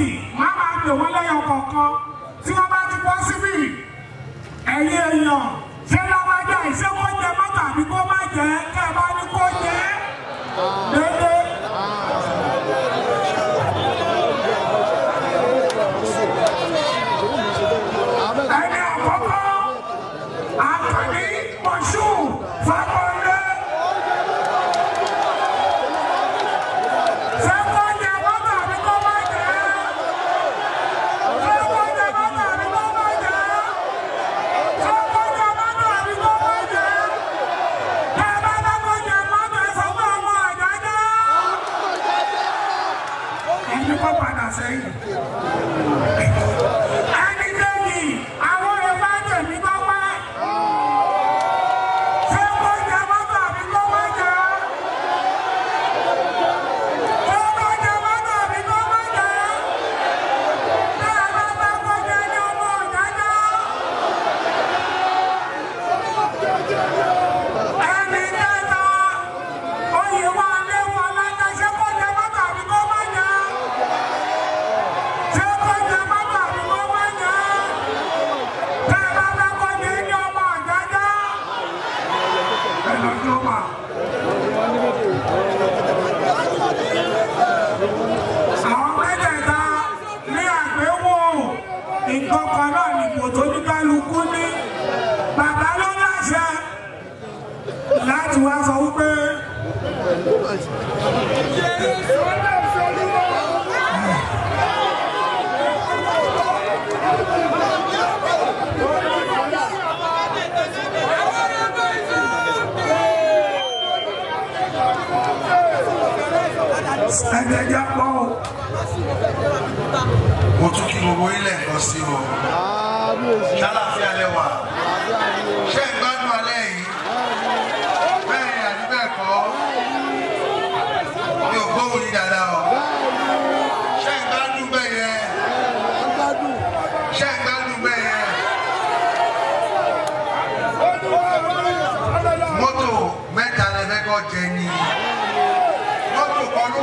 méjì máa máa pè wọ́n lẹ́yọ kọ̀ọ̀kan tí wọ́n bá ti bọ́ síbí ẹ̀yin èèyàn ṣé láwájá ìṣẹ́kọ̀ọ́ jẹ mọ́tò àbí kó má jẹ́ kẹ́ ẹ bá ní kó jẹ́. Ah. Thank you. nǹkan kan náà nìbò tó ní kálukú ní bàbá ló láṣẹ láti wá sọ wípé. ẹ̀ẹ́dẹ́gbẹ́ pọ̀ o. mo tún kí gbogbo ilẹ̀ lọ sí o. ṣálàfíà lẹ wà. ṣé ń gbádùn alẹ́ yìí? bẹ́ẹ̀ àti bẹ́ẹ̀ kọ́ mi ò gbóhùn yín dáadáa o.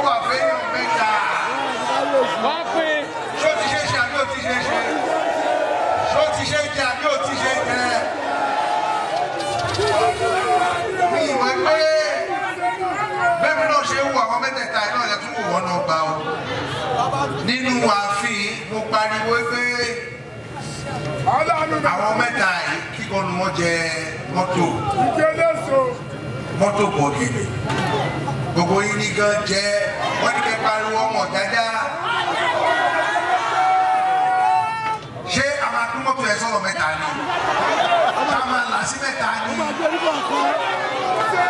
wà fẹ́yìn mẹ́ta. wọ́n pè. ṣó ti ṣe ṣe àbí ò ti ṣe ṣe ṣó ti ṣe jẹ àbí ò ti ṣe jẹ. mi não pé bẹ́ẹ̀ mi náà ṣe wù àwọn mẹ́tẹ̀ẹ̀ta iná yẹn tún wù wọ́n náà gbà ó. nínú ààfin mo pariwo pé àwọn mẹ́ta yìí kíkọ́ ni wọ́n jẹ gbogbo yín ní gan jẹ wọ́n ní kẹ́ pariwo ọmọ dáadáa. ṣé a máa tún mọ́tò ẹ̀ sọ̀rọ̀ mẹ́ta ni ká máa là sí mẹ́ta ni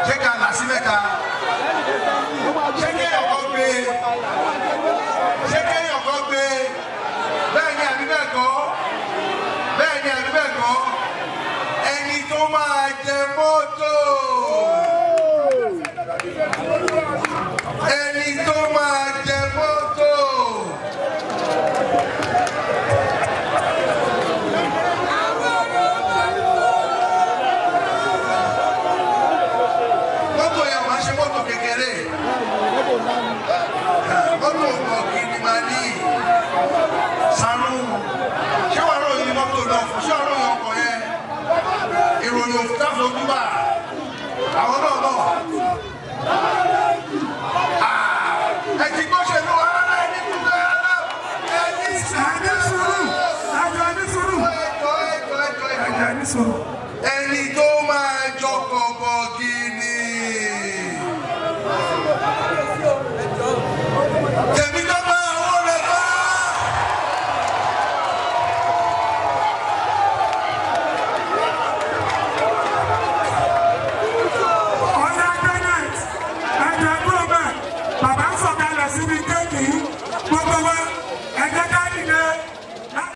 ṣé ká là sí mẹ́ta ṣé kéèyàn kan gbé ṣé kéèyàn kan gbé bẹ́ẹ̀ ni àbí bẹ́ẹ̀ kọ́ bẹ́ẹ̀ ni àbí bẹ́ẹ̀ kọ́ ẹni tó máa jẹ mọ́tò ẹni tó máa jẹ mọ́tò. mọ́tò yẹn máa ṣe mọ́tò kékeré mọ́tò ọ̀gbìn ni màá ní sùn. ẹni tó máa jọkọ̀ bọ̀gì.